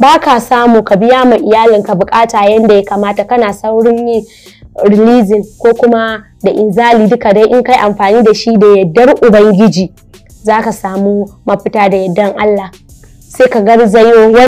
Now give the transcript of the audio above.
baka samu ka biya ma iyalinka bukata yadda ya kamata kana saurin yi releasing ko kuma da inzali duka dai in kai amfani da shi da yaddar ubangiji za ka samu mafita da yaddan Allah sai ka garzayo